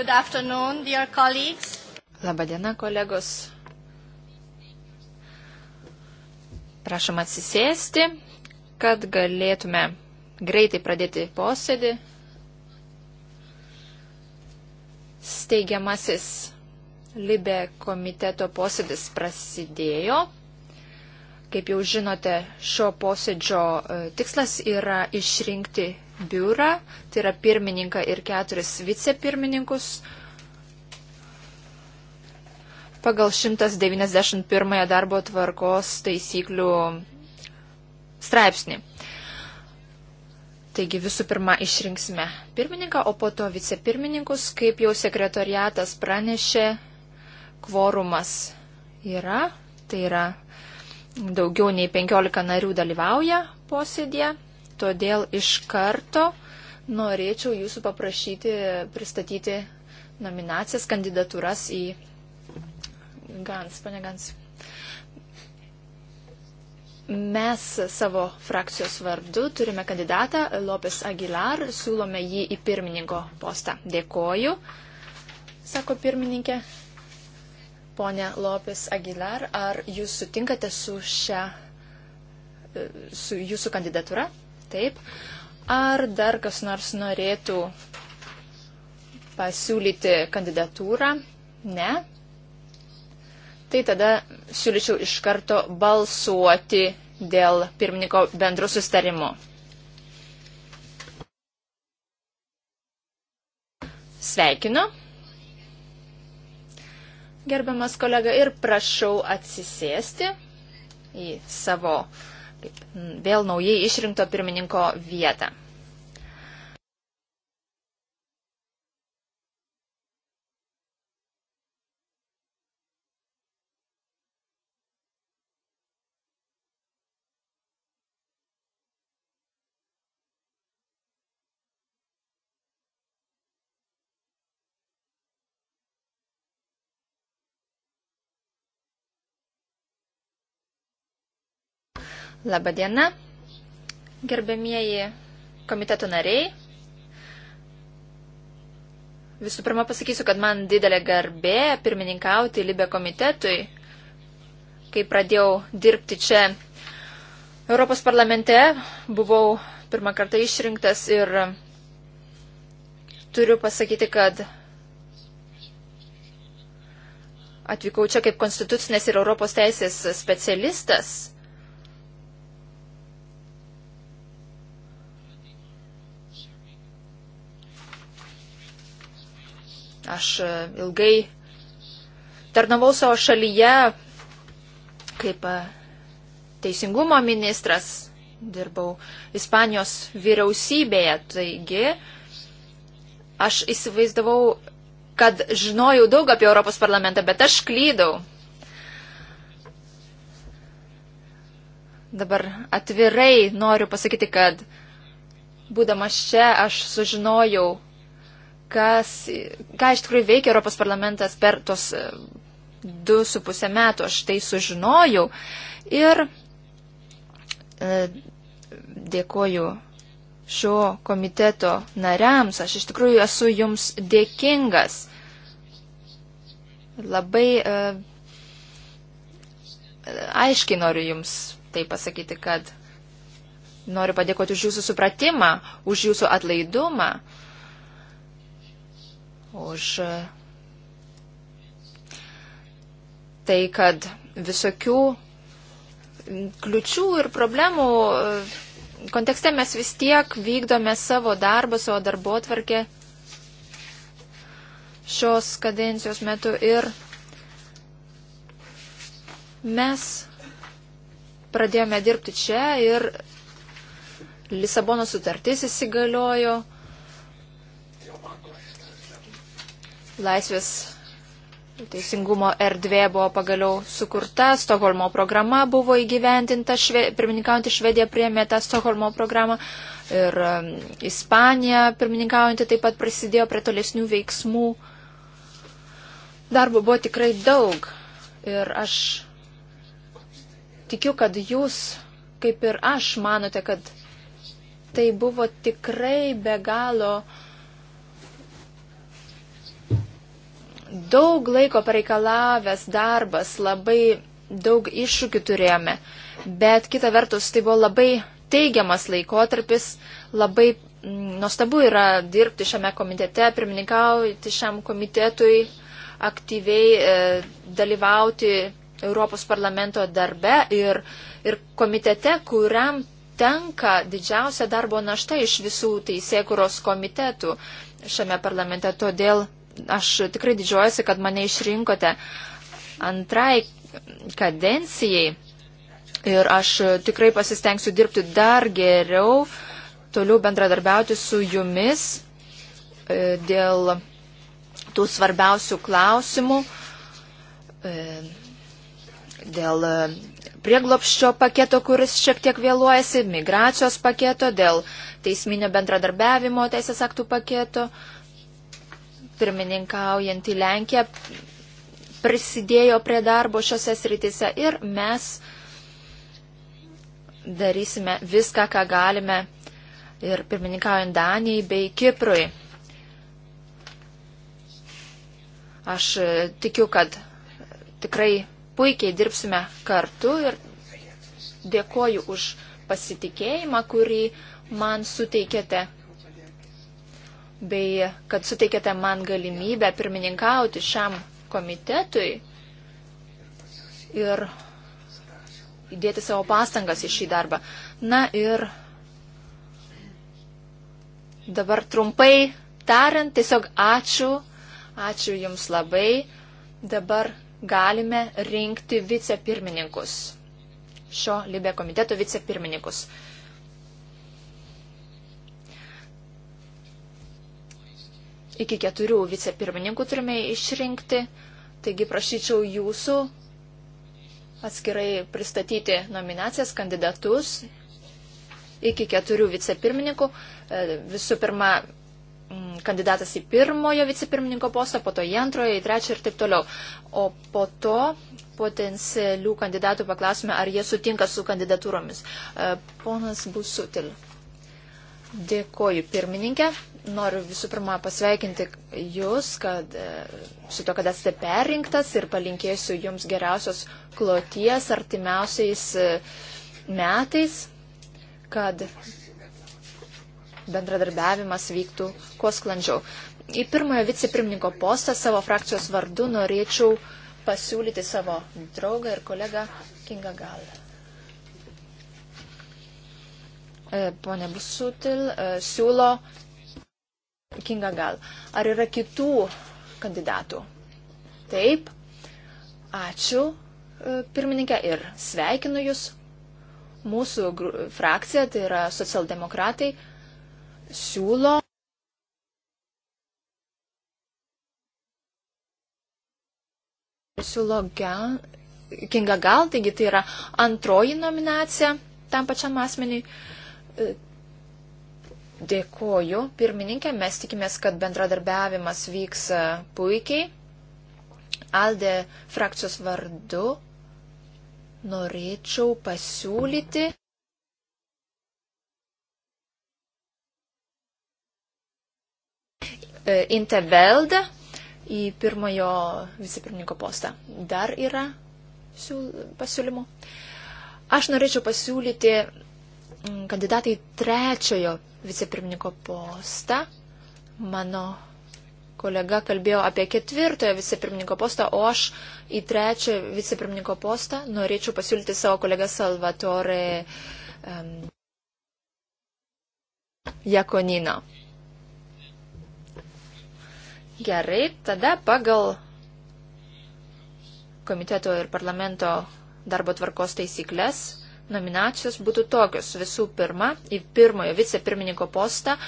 Good afternoon, dear colleagues. Labadiena, kolegos. Prašom atsisėsti, kad galėtume greitai pradėti posėdį. Steigiamasis Libė komiteto posėdis prasidėjo. Kaip jau žinote, šio posėdžio e, tikslas yra išrinkti biurą, tai yra pirmininką ir keturis vicepirmininkus. Pagal 191 darbo tvarkos taisyklių straipsnį. Taigi visų pirma išrinksime pirmininką, o po to vicepirmininkus, kaip jau sekretoriatas pranešė, kvorumas yra, tai yra daugiau nei 15 narių dalyvauja posėdėje, Todėl iš karto norėčiau jūsų paprašyti pristatyti nominacijas, kandidatūras į Gans, pane Gans. Mes savo frakcijos vardu turime kandidatą Lopes Aguilar, siūlome jį į pirmininko postą. Dėkoju, sako pirmininkė. Pone Lopes Aguilar, ar jūs sutinkate su šia, su jūsų kandidatūra? Taip. Ar dar kas nors norėtų pasiūlyti kandidatūrą? Ne. Tai tada siūlyčiau iš karto balsuoti dėl pirmininko bendrų sustarimų. Sveikinu. Gerbiamas kolega ir prašau atsisėsti į savo kaip vėl naujai išrinkto pirmininko vietą. Labadiena, gerbėmieji komiteto nariai. Visų pirma pasakysiu, kad man didelė garbė pirmininkauti Libė komitetui, kai pradėjau dirbti čia Europos parlamente, buvau pirmą kartą išrinktas ir turiu pasakyti, kad atvykau čia kaip konstitucinės ir Europos teisės specialistas Aš e, ilgai tarnavau savo šalyje kaip e, teisingumo ministras, dirbau Ispanijos vyriausybėje, taigi aš įsivaizdavau, kad žinojau daug apie Europos parlamentą, bet aš klydau. Dabar atvirai noriu pasakyti, kad būdamas čia aš sužinojau kas, ką iš tikrųjų veikia Europos parlamentas per tos e, du su pusę metų. Aš tai sužinojau ir e, dėkoju šio komiteto nariams. Aš iš tikrųjų esu jums dėkingas. Labai e, aiškiai noriu jums tai pasakyti, kad noriu padėkoti už jūsų supratimą, už jūsų atlaidumą už tai, kad visokių kliučių ir problemų kontekste mes vis tiek vykdome savo darbą, savo darbo atvarkę šios kadencijos metu ir mes pradėjome dirbti čia ir Lisabono sutartis įsigaliojo laisvės teisingumo erdvė buvo pagaliau sukurta, Stokholmo programa buvo įgyvendinta, šve, pirmininkaujantį Švediją priemė tą Stokholmo programą ir um, Ispanija pirmininkaujantį taip pat prisidėjo prie tolesnių veiksmų. Darbo buvo tikrai daug ir aš tikiu, kad jūs, kaip ir aš, manote, kad tai buvo tikrai be galo uh, daug laiko pareikalavęs darbas, labai daug iššūkių turėjome, bet kita vertus tai buvo labai teigiamas laikotarpis, labai mm, nuostabu yra dirbti šiame komitete, pirmininkauti šiam komitetui, aktyviai e, dalyvauti Europos parlamento darbe ir, ir komitete, kuriam tenka didžiausia darbo našta iš visų teisėkuros komitetų šiame parlamente. Todėl aš tikrai didžiuojasi, kad mane išrinkote antrai kadencijai ir aš tikrai pasistengsiu dirbti dar geriau, toliau bendradarbiauti su jumis e, dėl tų svarbiausių klausimų, e, dėl prieglopščio paketo, kuris šiek tiek vėluojasi, migracijos paketo, dėl teisminio bendradarbiavimo teisės aktų paketo pirmininkaujantį Lenkiją prisidėjo prie darbo šiose sritise ir mes darysime viską, ką galime ir pirmininkaujant Danijai bei Kiprui. Aš tikiu, kad tikrai puikiai dirbsime kartu ir dėkoju už pasitikėjimą, kurį man suteikėte bei kad suteikėte man galimybę pirmininkauti šiam komitetui ir įdėti savo pastangas į šį darbą. Na ir dabar trumpai tariant, tiesiog ačiū, ačiū Jums labai. Dabar galime rinkti vicepirmininkus, šio Libė komiteto vicepirmininkus. iki keturių vicepirmininkų turime išrinkti, taigi prašyčiau jūsų atskirai pristatyti nominacijas kandidatus iki keturių vicepirmininkų. E, visų pirma, mm, kandidatas į pirmojo vicepirmininko postą, po to į antrojo, į trečiojo ir taip toliau. O po to potencialių kandidatų paklausime, ar jie sutinka su kandidatūromis. E, ponas Busutil. Dėkoju pirmininkė. Noriu visų pirma pasveikinti Jūs, kad e, su to, kad esate perrinktas ir palinkėsiu Jums geriausios kloties artimiausiais e, metais, kad bendradarbiavimas vyktų kuo sklandžiau. Į pirmąją vicepirmininko postą savo frakcijos vardu norėčiau pasiūlyti savo draugą ir kolegą Kinga Galą. E, pone Busutil siūlo Kinga gal. Ar yra kitų kandidatų? Taip. Ačiū, e, pirmininkė, ir sveikinu Jūs. Mūsų frakcija, tai yra socialdemokratai, siūlo. Siūlo Kinga Gal, taigi tai yra antroji nominacija tam pačiam asmeniui. E, Dėkoju, pirmininkė, mes tikimės, kad bendradarbiavimas vyks e, puikiai. Alde frakcijos vardu norėčiau pasiūlyti. E, Intebeldą į pirmojo vicepirmininko postą. Dar yra pasiūlymų. Aš norėčiau pasiūlyti Mm, kandidatai trečiojo vicepirmininko postą. Mano kolega kalbėjo apie ketvirtojo vicepirmininko postą, o aš į trečiojo vicepirmininko postą norėčiau pasiūlyti savo kolegą Salvatore um, Jakonino. Gerai, tada pagal komiteto ir parlamento darbo tvarkos taisyklės nominacijos būtų tokios. Visų pirma, į pirmojo vicepirmininko postą e,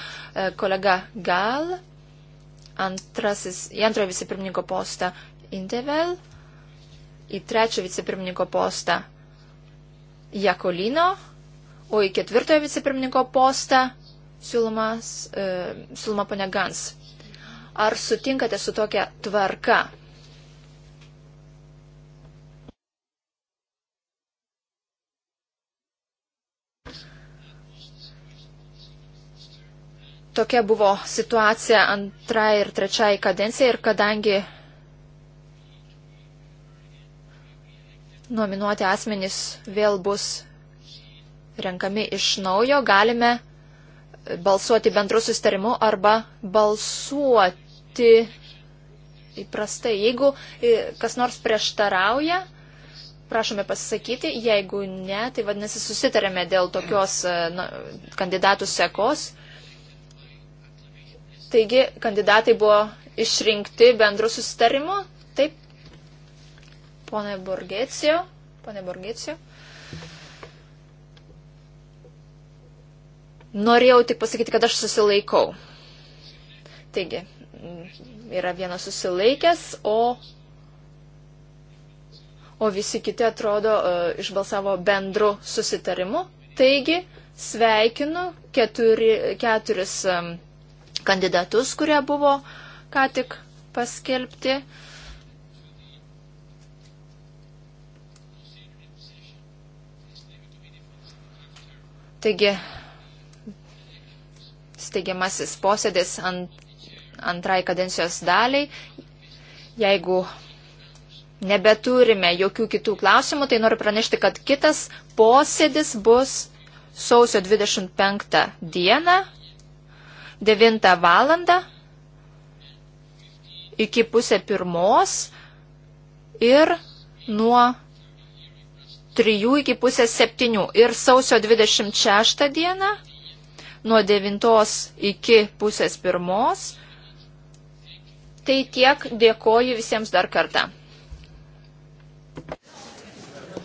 kolega Gal, antrasis, į antrojo vicepirmininko postą Intevel, į trečio vicepirmininko postą Jakolino, o į ketvirtojo vicepirmininko postą siūlomas, e, siūloma ponia Gans. Ar sutinkate su tokia tvarka? tokia buvo situacija antrai ir trečiai kadencijai ir kadangi nominuoti asmenys vėl bus renkami iš naujo, galime balsuoti bendru sustarimu arba balsuoti įprastai. Jeigu e, kas nors prieštarauja, prašome pasisakyti, jeigu ne, tai vadinasi susitarėme dėl tokios e, kandidatų sekos. Taigi kandidatai buvo išrinkti bendru susitarimu. Taip, ponė Borgėcijo. Pone Borgėcijo. Norėjau tik pasakyti, kad aš susilaikau. Taigi, mm, yra vienas susilaikęs, o, o visi kiti atrodo e, išbalsavo bendru susitarimu. Taigi, sveikinu keturi, keturis. Um, kandidatus, kurie buvo ką tik paskelbti. Taigi, steigiamasis posėdis ant, antrai kadencijos daliai. Jeigu nebeturime jokių kitų klausimų, tai noriu pranešti, kad kitas posėdis bus sausio 25 dieną 9 valandą iki pusė pirmos ir nuo 3 iki pusės 7. Ir sausio 26 dieną nuo 9 iki pusės pirmos. Tai tiek dėkoju visiems dar kartą.